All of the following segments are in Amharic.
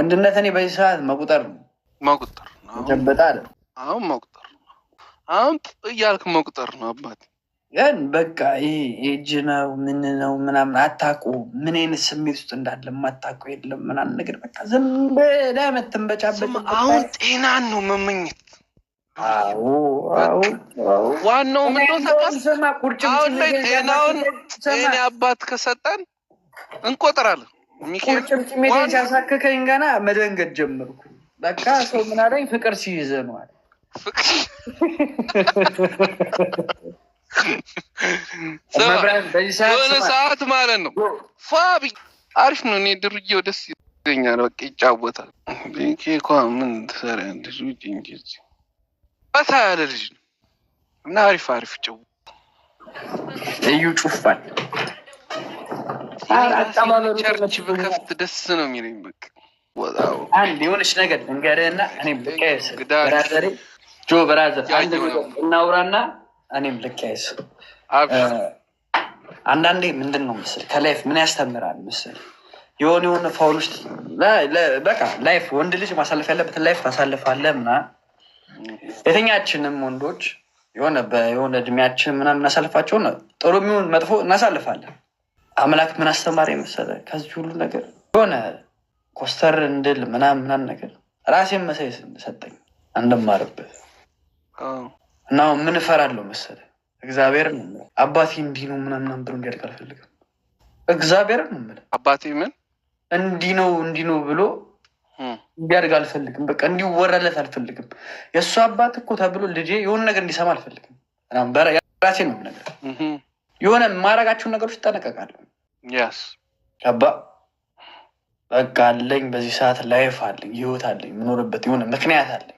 ወንድነት እኔ በዚህ ሰዓት መቁጠር ነው መቁጠር ነው አሁን መቁጠር አሁን እያልክ መቁጠር ነው አባት ግን በቃ እጅ ነው ምን ነው ምናምን አታቁ ምን አይነት ስሜት ውስጥ እንዳለ ማታቁ የለም ምናምን ነገር በቃ ዝም ብለህ የምትንበጫበት አሁን ጤናን ነው መመኘት ዋናው ምንሰማ ቁርጭ አሁን ላይ ጤናውን ጤና አባት ከሰጠን እንቆጥራለን ቁርጭምጭሚት ሲያሳክከኝ ገና መደንገድ ጀመርኩ። በቃ ሰው ምን አለኝ፣ ፍቅር ሲይዘ ነዋል። አለ። የሆነ ሰዓት ማለት ነው ፋቢ አሪፍ ነው። እኔ ድርጌው ደስ ይለኛል። በቃ ይጫወታል። ኳ ምን ትሰሪያለሽ? ውጭ እንጂ በታ ያለ ልጅ ነው እና አሪፍ አሪፍ ጭው እዩ ጩፋል ቸርች ደስ ነው የሚለኝ። የሆነች ነገር ጆ ብራዘር አንድ እናውራና እኔም አንዳንዴ ምንድን ነው ምስል ከላይፍ ምን ያስተምራል ምስል የሆነ የሆነ በቃ ላይፍ ወንድ ልጅ ማሳለፍ ያለበትን ላይፍ ታሳልፋለህ ምናምን የትኛችንም ወንዶች የሆነ በየሆነ እድሜያችን ምናምን እናሳልፋቸው ጥሩ የሚሆን መጥፎ እናሳልፋለን። አምላክ ምን አስተማሪ መሰለ ከዚህ ሁሉ ነገር የሆነ ኮስተር እንድል ምናምን ምናምን ነገር ራሴን መሳይ ሰጠኝ እንደማርበት እና ምን እፈራለሁ መሰለ እግዚአብሔር አባቴ እንዲህ ነው ምናምን ብሎ እንዲያድግ አልፈልግም። እግዚአብሔር አባቴ ምን እንዲህ ነው እንዲህ ነው ብሎ እንዲያድግ አልፈልግም። በቃ እንዲወራለት አልፈልግም። የእሱ አባት እኮ ተብሎ ልጄ የሆነ ነገር እንዲሰማ አልፈልግም። ራሴ ነው ነገር የሆነ የማረጋቸውን ነገሮች ይጠነቀቃለሁ። አባ በቃ አለኝ። በዚህ ሰዓት ላይፍ አለኝ፣ ህይወት አለኝ፣ የምኖርበት የሆነ ምክንያት አለኝ።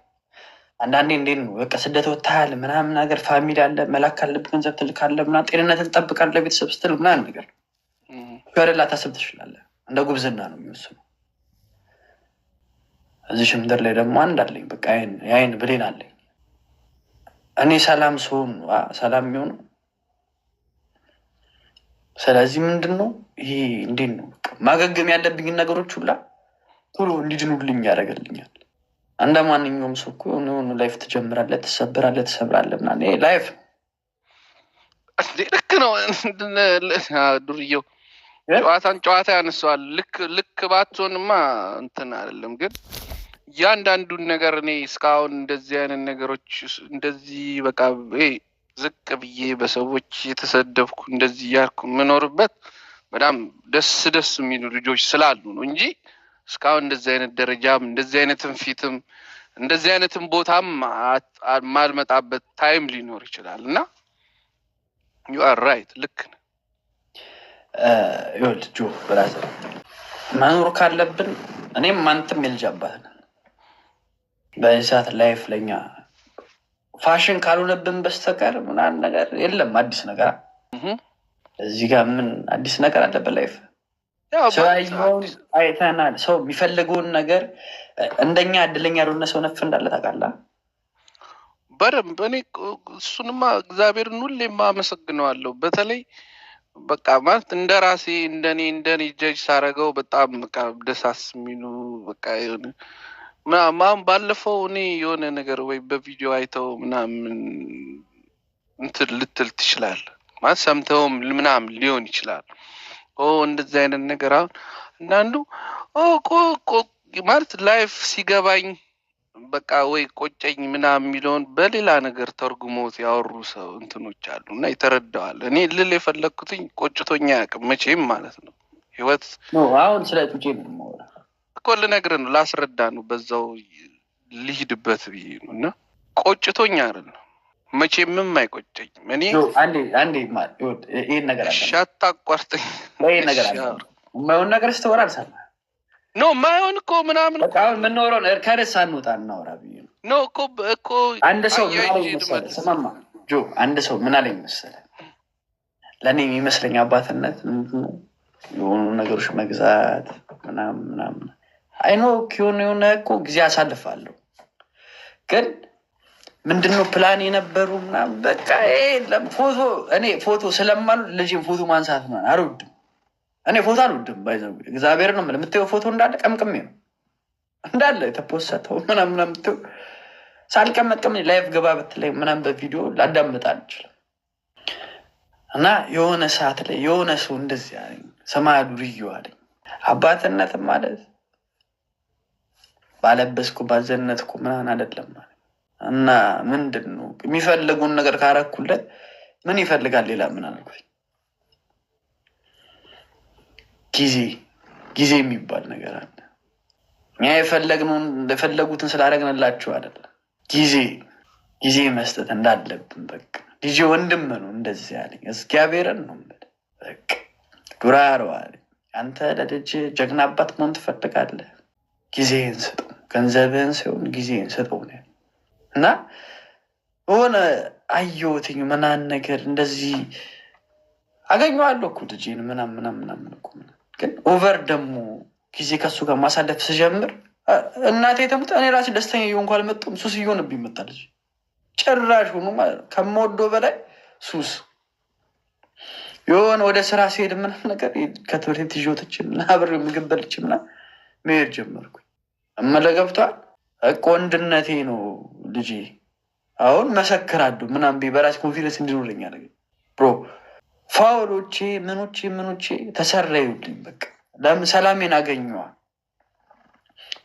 አንዳንዴ እንዴት ነው በቃ ስደት ወታያል ምናምን ነገር ፋሚሊ አለ መላክ ካለብ ገንዘብ ትልካለ ምና ጤንነት ትጠብቃለ ቤተሰብ ስትል ምናምን ነገር ሸር ላታስብ ትችላለ። እንደ ጉብዝና ነው የሚወስኑ። እዚህ ምድር ላይ ደግሞ አንድ አለኝ፣ በቃ የዓይን ብሌን አለኝ። እኔ ሰላም ስሆን ሰላም የሚሆነው ስለዚህ ምንድን ነው ይሄ እንዴት ነው ማገገም ያለብኝን ነገሮች ሁላ ቶሎ እንዲድኑልኝ ያደርግልኛል። እንደ ማንኛውም ሰው እኮ ላይፍ ትጀምራለህ፣ ትሰብራለህ፣ ትሰብራለህ ምናምን ይሄ ላይፍ ልክ ነው። ዱርየው ጨዋታን ጨዋታ ያነሰዋል ልክ ልክ ባትሆንማ እንትን አይደለም ግን እያንዳንዱን ነገር እኔ እስካሁን እንደዚህ አይነት ነገሮች እንደዚህ በቃ ዝቅ ብዬ በሰዎች የተሰደብኩ እንደዚህ እያልኩ የምኖርበት በጣም ደስ ደስ የሚሉ ልጆች ስላሉ ነው እንጂ እስካሁን እንደዚህ አይነት ደረጃም እንደዚህ አይነትም ፊትም እንደዚህ አይነትም ቦታም ማልመጣበት ታይም ሊኖር ይችላል እና ዩ አር ራይት ልክ ነህ። መኖር ካለብን እኔም አንተም የልጅ አባት ነን። በዚህ ሰዓት ላይፍ ለኛ ፋሽን ካልሆነብን በስተቀር ምናምን ነገር የለም። አዲስ ነገር እዚህ ጋር ምን አዲስ ነገር አለ? በላይፍ ሰውን አይተናል። ሰው የሚፈልገውን ነገር እንደኛ እድለኛ ያልሆነ ሰው ነፍ እንዳለ ታውቃለህ በደንብ። እኔ እሱንማ እግዚአብሔርን ሁሌም አመሰግነዋለሁ። በተለይ በቃ ማለት እንደ ራሴ እንደኔ እንደኔ ጀጅ ሳረገው በጣም በቃ ደሳስ የሚሉ በቃ ምናምን ባለፈው እኔ የሆነ ነገር ወይ በቪዲዮ አይተው ምናምን እንትን ልትል ትችላል ማለት ሰምተውም ምናምን ሊሆን ይችላል። ኦ እንደዚህ አይነት ነገር አሁን አንዳንዱ ማለት ላይፍ ሲገባኝ በቃ ወይ ቆጨኝ ምናምን የሚለውን በሌላ ነገር ተርጉሞት ያወሩ ሰው እንትኖች አሉ እና ይተረዳዋል። እኔ ልል የፈለግኩትኝ ቆጭቶኛ ያቅም መቼም ማለት ነው ህይወት አሁን ስለ ጡጬ ነው እኮ ልነግር ነው ላስረዳ ነው በዛው ልሂድበት ብዬ ነው እና ቆጭቶኝ አይደል ነው ምም አይቆጨኝም። እኔ እሺ አታቋርጠኝ። የማይሆን ነገር ስትወራ አልሰማህም ኖ ማይሆን እኮ ምናምን የምንወራው ከርዕስ አንውጣ እናወራ ብዬ ነው። ኖ እኮ እኮ አንድ ሰው ስማማ ጆ አንድ ሰው ምን አለኝ መሰለ ለእኔ የሚመስለኝ አባትነት የሆኑ ነገሮች መግዛት ምናምን ምናምን አይኖ ኪሆን የሆነ እኮ ጊዜ አሳልፋለሁ ግን ምንድነው ፕላን የነበሩ ምናምን በቃ ፎቶ እኔ ፎቶ ስለማሉ ልጅ ፎቶ ማንሳት ነ አልወድም። እኔ ፎቶ አልወድም። እግዚአብሔር ነው የምታየው ፎቶ እንዳለ ቀምቅሜ ነው እንዳለ የተፖሰተው ምናምን ምትው ሳልቀመጥቅም ላይፍ ገባ ብትለኝ ምናምን በቪዲዮ ላዳምጥ አልችልም። እና የሆነ ሰዓት ላይ የሆነ ሰው እንደዚህ አለኝ፣ ሰማያ ዱርዬው አለኝ አባትነት ማለት ባለበስኩ ባዘነትኩ ምናምን አይደለም ማለት እና ምንድን ነው የሚፈልጉን ነገር ካረኩለት ምን ይፈልጋል ሌላ ምን አልኩኝ። ጊዜ ጊዜ የሚባል ነገር አለ። እኛ የፈለግነውን የፈለጉትን ስላደረግንላችሁ አይደለም ጊዜ ጊዜ መስጠት እንዳለብን በቃ ልጄ ወንድም ነው እንደዚህ ያለኝ እግዚአብሔርን ነው በቃ ዱራ አለኝ። አንተ ለልጅ ጀግና አባት መሆን ትፈልጋለህ? ጊዜ ስጠው። ገንዘብህን ሲሆን ጊዜን ስጠው ነው እና ሆነ አየሁትኝ ምናምን ነገር እንደዚህ አገኘዋለሁ እኮ ልጄን ምናም ምናም ምናምን እኮ ግን ኦቨር ደግሞ ጊዜ ከሱ ጋር ማሳለፍ ስጀምር እናቴ ተሙት እኔ ራሴ ደስተኛ እየሆንኩ አልመጣሁም። ሱስ እየሆነብኝ መጣ። ልጅ ጭራሽ ሆኖ ማለት ከምወደው በላይ ሱስ የሆነ ወደ ስራ ሲሄድ ምናም ነገር ከትምህርት ትዥወትችን ይዤው ትቼ ምግብ በልቼ መሄድ ጀመርኩ። እመለገብታ እቅ ወንድነቴ ነው ልጅ አሁን መሰክራሉ ምናምን ብዬ ኮንፊደንስ እንዲኖረኝ ያደረገ ብሮ ፋውሎቼ ምኖቼ ምኖቼ ተሰረዩልኝ። በቃ ሰላሜን አገኘዋ።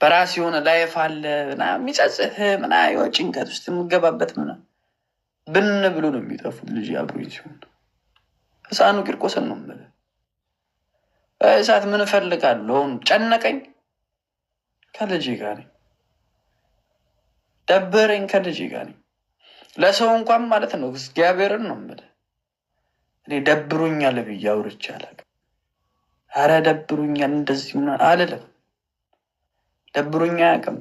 በራሴ የሆነ ላይፍ አለ የሚጸጽህ ምና ጭንቀት ውስጥ የምገባበት ምና ብን ብሎ ነው የሚጠፉ ልጅ አብሮ ሲሆን ህፃኑ ቂርቆስን ነው የምልህ እሳት ምን እፈልጋለሁ ጨነቀኝ። ከልጅ ጋር ደበረኝ፣ ከልጅ ጋር ለሰው እንኳን ማለት ነው እግዚአብሔርን ነው የምልህ። እኔ ደብሩኛል ብዬ አውርቼ አላውቅም። አረ ደብሩኛል እንደዚህ ምናምን አልልም። ደብሩኛ አያውቅም።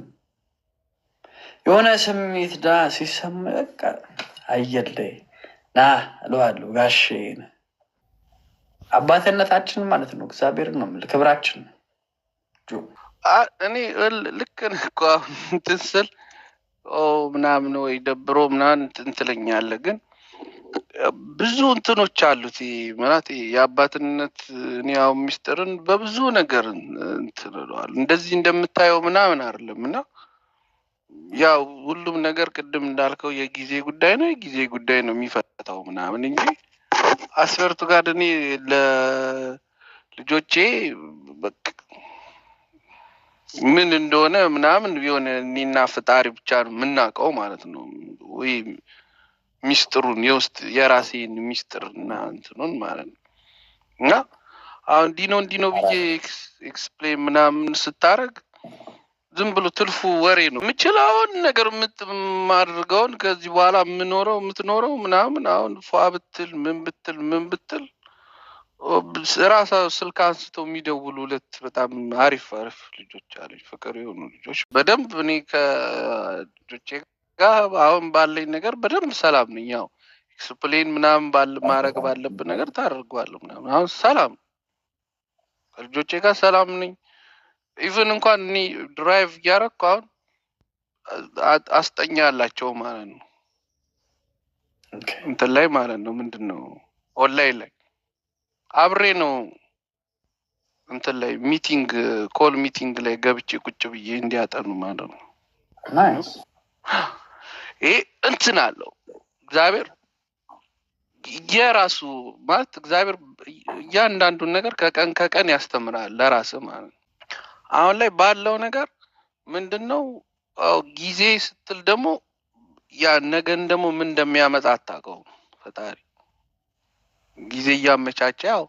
የሆነ ስሜት ዳ ሲሰማ በቃ አየለ ና እለዋለሁ። ጋሼ አባትነታችን ማለት ነው እግዚአብሔርን ነው የምልህ ክብራችን እኔ ልክ ነህ እኮ አሁን እንትን ስል ምናምን ወይ ደብሮ ምናምን እንትለኛለህ ግን ብዙ እንትኖች አሉት ምናት የአባትነት ኒያው ሚስጥርን በብዙ ነገር እንትንለዋል እንደዚህ እንደምታየው ምናምን አይደለም እና ያው ሁሉም ነገር ቅድም እንዳልከው የጊዜ ጉዳይ ነው የጊዜ ጉዳይ ነው የሚፈታው ምናምን እንጂ አስፈርቱ ጋር እኔ ለልጆቼ በቃ ምን እንደሆነ ምናምን የሆነ እኔና ፈጣሪ ብቻ ነው የምናውቀው ማለት ነው። ወይ ሚስጥሩን የውስጥ የራሴን ሚስጥር እና እንትኑን ማለት ነው እና አሁን እንዲህ ነው እንዲህ ነው ብዬ ኤክስፕሌን ምናምን ስታረግ ዝም ብሎ ትልፉ ወሬ ነው። የምችለውን ነገር የምትማድርገውን ከዚህ በኋላ የምኖረው የምትኖረው ምናምን አሁን ፏ ብትል ምን ብትል ምን ብትል ራሳ ስልክ አንስተው የሚደውሉ ሁለት በጣም አሪፍ አሪፍ ልጆች አሉኝ፣ ፍቅር የሆኑ ልጆች በደንብ እኔ ከልጆቼ ጋር አሁን ባለኝ ነገር በደንብ ሰላም ነኝ። ያው ኤክስፕሌን ምናምን ማድረግ ባለብን ነገር ታደርገዋለሁ ምናምን። አሁን ሰላም ከልጆቼ ጋር ሰላም ነኝ። ኢቨን እንኳን እኔ ድራይቭ እያረኩ አሁን አስጠኛ አላቸው ማለት ነው እንትን ላይ ማለት ነው ምንድን ነው ኦንላይን ላይ አብሬ ነው እንትን ላይ ሚቲንግ ኮል ሚቲንግ ላይ ገብቼ ቁጭ ብዬ እንዲያጠኑ ማለት ነው። ይሄ እንትን አለው እግዚአብሔር የራሱ ማለት እግዚአብሔር እያንዳንዱን ነገር ከቀን ከቀን ያስተምራል ለራስ ማለት ነው። አሁን ላይ ባለው ነገር ምንድን ነው ጊዜ ስትል ደግሞ ያ ነገን ደግሞ ምን እንደሚያመጣ አታውቀውም ፈጣሪ ጊዜ እያመቻቸ ያው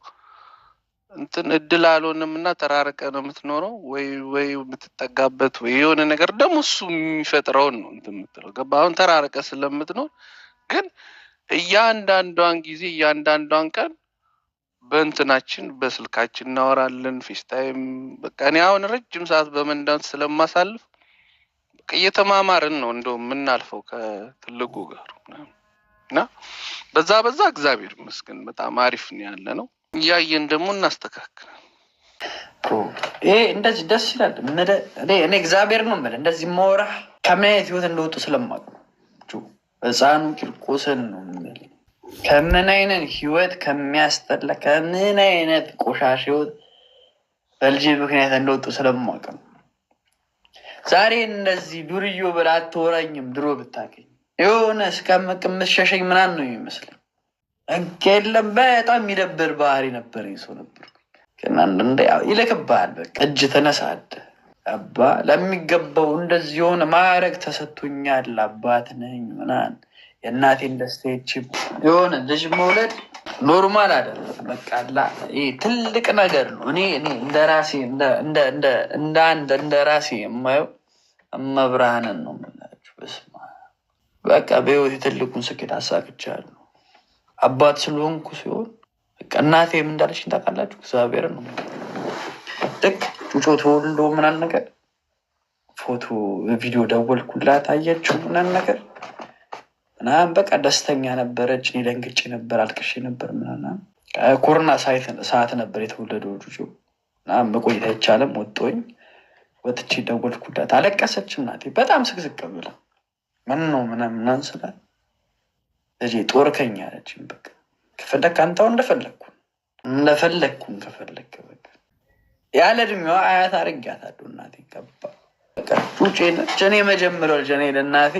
እንትን እድል አልሆንም እና ተራርቀ ነው የምትኖረው፣ ወይ ወይ የምትጠጋበት ወይ የሆነ ነገር ደግሞ እሱ የሚፈጥረውን ነው እንትን የምትለው ገባ። አሁን ተራርቀ ስለምትኖር ግን እያንዳንዷን ጊዜ እያንዳንዷን ቀን በእንትናችን በስልካችን እናወራለን። ፌስታይም በቃ እኔ አሁን ረጅም ሰዓት በመንዳት ስለማሳልፍ እየተማማርን ነው እንደው የምናልፈው ከትልቁ ጋር እና በዛ በዛ እግዚአብሔር ይመስገን በጣም አሪፍ ነው ያለ ነው። እያየን ደግሞ እናስተካክል። ይሄ እንደዚህ ደስ ይላል። እኔ እግዚአብሔር ነው የምልህ እንደዚህ መውራህ ከምን አይነት ህይወት እንደወጡ ስለማቁ ነው። ህፃኑ ቂርቆስን ነው የምልህ ከምን አይነት ህይወት ከሚያስጠላ ከምን አይነት ቆሻሽ ህይወት በልጅ ምክንያት እንደወጡ ስለማውቅ ነው። ዛሬ እንደዚህ ዱርዮ ብላ አትወራኝም ድሮ ብታገኝ የሆነ እስከምቅ የምትሸሸኝ ምናን ነው እንከ የለም በጣም የሚደብር ባህሪ ነበር። ሰው ነበር ይልክብሃል። በቃ እጅ ተነሳደ አባ ለሚገባው እንደዚህ የሆነ ማዕረግ ተሰጥቶኛል፣ አባት ነኝ ምናን የእናቴን ደስታ የሆነ ልጅ መውለድ ኖርማል አይደለም። በቃ ትልቅ ነገር ነው። እኔ እንደ ራሴ እንደ አንድ እንደ ራሴ የማየው እመብርሃንን ነው የምላችሁ። በስመ በቃ በህይወት የትልቁን ስኬት አሳክቻለሁ። አባት ስለሆንኩ ሲሆን እናቴ ምን እንዳለችኝ ታውቃላችሁ? እግዚአብሔር ነው ልክ ጩጮ ተወልዶ ምናል ነገር ፎቶ ቪዲዮ ደወልኩላት፣ አየችው ምናል ነገር ምናምን በቃ ደስተኛ ነበረች። እኔ ደንግጬ ነበር፣ አልቅሼ ነበር ምናምን። ኮሮና ሰዓት ነበር የተወለደው ጩጮ። ምናምን መቆየት አይቻልም። ወጥቶኝ ወጥቼ ደወልኩላት፣ አለቀሰች እናቴ በጣም ስቅስቅ ብላ ምን ነው ምናምን ምናምን ስላል ልጄ ጦርከኝ አለችኝ። በቃ ከፈለግ አንተው እንደፈለግኩ እንደፈለግኩን ከፈለግ በቃ ያለ እድሜዋ አያት አድርጊያታለሁ። እናቴ ገባ ጩጭ ነች። እኔ የመጀመሪያው ልጅ እኔ ለእናቴ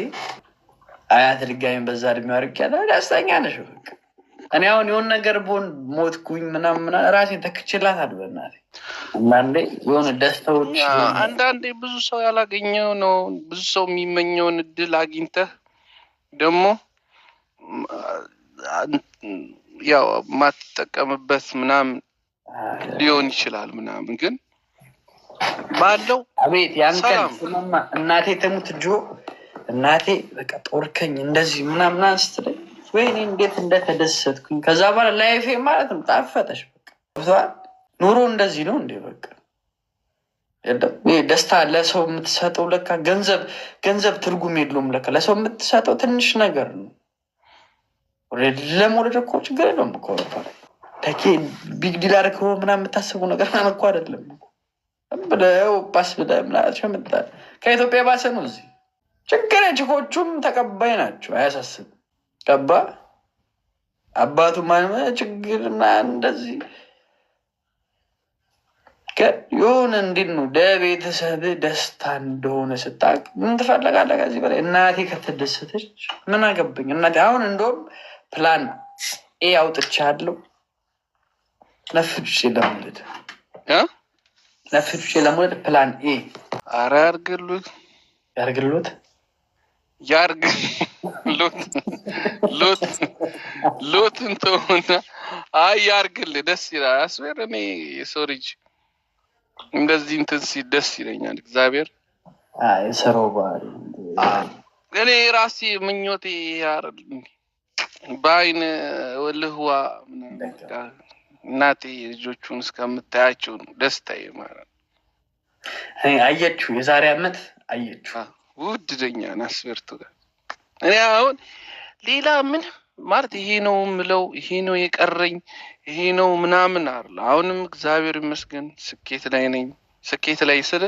አያት ድጋሚ በዛ እድሜዋ አድርጊያታለሁ። ደስተኛ ነሽ በቃ እኔ አሁን የሆን ነገር ብሆን ሞትኩኝ ምናምን ምናምን ራሴን ተክችላት አድበና አንዳንዴ የሆነ ደስታዎች አንዳንዴ ብዙ ሰው ያላገኘው ነው። ብዙ ሰው የሚመኘውን እድል አግኝተህ ደግሞ ያው ማትጠቀምበት ምናምን ሊሆን ይችላል ምናምን ግን ባለው አቤት ያን እናቴ ተሙት ጆ እናቴ በቃ ጦርከኝ እንደዚህ ምናምን ስትለኝ ወይኔ እንዴት እንደተደሰትኩኝ። ከዛ በኋላ ላይፌ ማለት ነው ጣፈጠሽ። በቃ ኑሮ እንደዚህ ነው እንዴ? በቃ ደስታ ለሰው የምትሰጠው ለካ ገንዘብ ገንዘብ ትርጉም የለውም። ለካ ለሰው የምትሰጠው ትንሽ ነገር ነው። ለመውለድ እኮ ችግር የለውም እኮ ቢግ ዲል አድርገው ምናምን የምታስበው ነገር ምናምን እኮ አይደለም። ብለው ባስ ብለህ ምናምን መጣ ከኢትዮጵያ ባሰ ነው እዚህ ችግር ችኮቹም ተቀባይ ናቸው። አያሳስብም። ገባ አባቱ ማን ችግርና እንደዚህ የሆነ እንዴት ነው ለቤተሰብ ደስታ እንደሆነ ስታቅ ምን ትፈልጋለህ ከዚህ በላይ እናቴ ከተደሰተች ምን አገባኝ እናቴ አሁን እንደውም ፕላን ኤ አውጥቻለሁ ለፍቼ ለመውለድ ለፍቼ ለመውለድ ፕላን ኤ አረ ያርግሉት ያርግሉት ያርግ ሎት ተሆነ አይ ያርግል ደስ ይላል። አስቤር እኔ የሰው ልጅ እንደዚህ እንትን ሲል ደስ ይለኛል። እግዚአብሔር የሰራው ባህሪ እኔ ራሴ ምኞቴ ያርል በአይን ወልህዋ እናቴ ልጆቹን እስከምታያቸው ነው ደስታዬ ማለት አየችው የዛሬ አመት አየችው ውድደኛን አስበርቱ እኔ አሁን ሌላ ምን ማለት ይሄ ነው ምለው ይሄ ነው የቀረኝ ይሄ ነው ምናምን አለ። አሁንም እግዚአብሔር ይመስገን ስኬት ላይ ነኝ። ስኬት ላይ ስል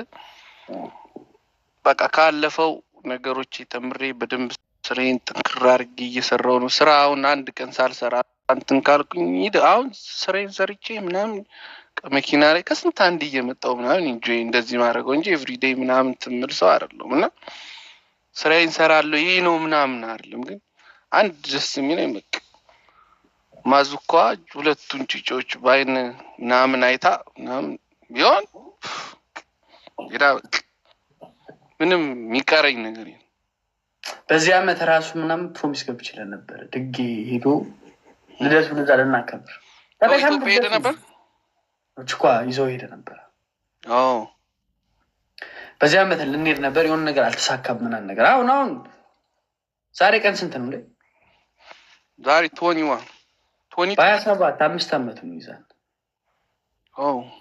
በቃ ካለፈው ነገሮች ተምሬ በደንብ ስሬን ጥንክር አድርጌ እየሰራው ነው። ስራ አሁን አንድ ቀን ሳልሰራ እንትን ካልኩኝ አሁን ስራዬን ሰርቼ ምናምን መኪና ላይ ከስንት አንድ እየመጣው ምናምን ኢንጆይ እንደዚህ ማድረገው እንጂ ኤቭሪዴይ ምናምን ትምል ሰው አይደለም እና ስራ እሰራለሁ ይህ ነው ምናምን አይደለም። ግን አንድ ደስ የሚለኝ በቃ ማዙኳ ሁለቱን ጭጮች በአይን ምናምን አይታ ምናምን ቢሆን ሌላ በቃ ምንም የሚቀረኝ ነገር የለም። በዚህ አመት ራሱ ምናምን ፕሮሚስ ገብችለን ነበር ድጌ ሄዶ ልደቱ ልዛ ልናከብር ሄደ ነበር ችኳ ይዘው ሄደ ነበረ። በዚህ ዓመት ልንሄድ ነበር የሆነ ነገር አልተሳካም ምናምን ነገር። አሁን አሁን ዛሬ ቀን ስንት ነው? ዛሬ ቶኒ ዋን በሀያ ሰባት አምስት ነው ይዛል።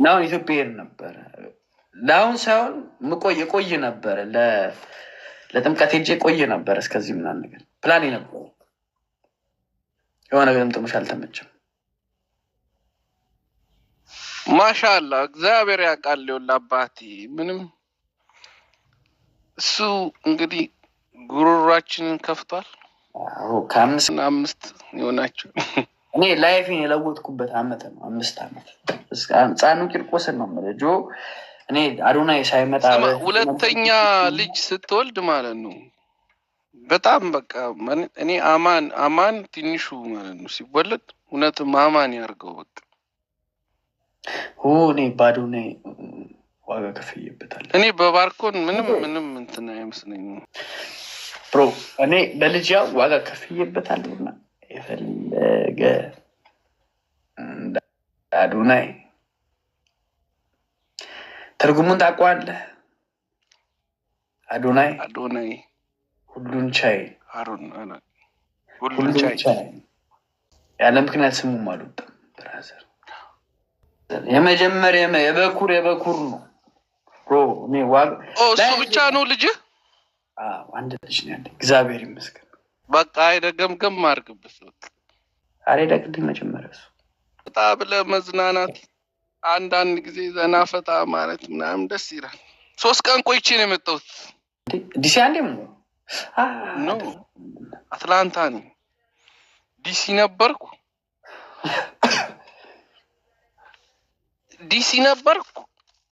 አሁን ኢትዮጵያ ሄድ ነበረ ለአሁን ሳይሆን ምቆይ ቆይ ነበረ ለጥምቀት ሄጄ ቆይ ነበረ። እስከዚህ ምናምን ነገር ፕላን ነበረ የሆነ ነገር ጥሙሽ አልተመቸም። ማሻላ እግዚአብሔር ያውቃል። ይኸውልህ አባቴ ምንም እሱ እንግዲህ ጉሮሯችንን ከፍቷል። ከአምስት አምስት የሆናቸው እኔ ላይፌን የለወጥኩበት አመት ነው። አምስት አመት ህፃኑ ቂርቆስን ነው የምልህ ጆ። እኔ አዶናይ ሳይመጣ ሁለተኛ ልጅ ስትወልድ ማለት ነው። በጣም በቃ እኔ አማን አማን ትንሹ ማለት ነው ሲወለድ እውነትም አማን ያርገው በቃ እኔ ባዶ ዋጋ ከፍዬበታል። እኔ በባርኮን ምንም ምንም እንትን አይመስለኝ ብሮ እኔ በልጃ ዋጋ ከፍዬበታለሁ እና የፈለገ አዶናይ ትርጉሙን ታውቀዋለህ? አዶናይ አዶናይ ሁሉን ቻይ ሁሉን ቻይ ያለ ምክንያት ስሙም አልወጣም ብራዘር የመጀመሪያ የበኩር የበኩር ነው። እሱ ብቻ ነው ልጅ አንድ ልጅ ነው ያለ። እግዚአብሔር ይመስገን። በቃ አይደገምገም አርግብስ አሬ ደግድ መጀመሪያ እሱ ፈታ ብለህ መዝናናት፣ አንዳንድ ጊዜ ዘና ፈታ ማለት ምናምን ደስ ይላል። ሶስት ቀን ቆይቼ ነው የመጣሁት። ዲሲ አንዴ ነው አትላንታ ነኝ። ዲሲ ነበርኩ a barco.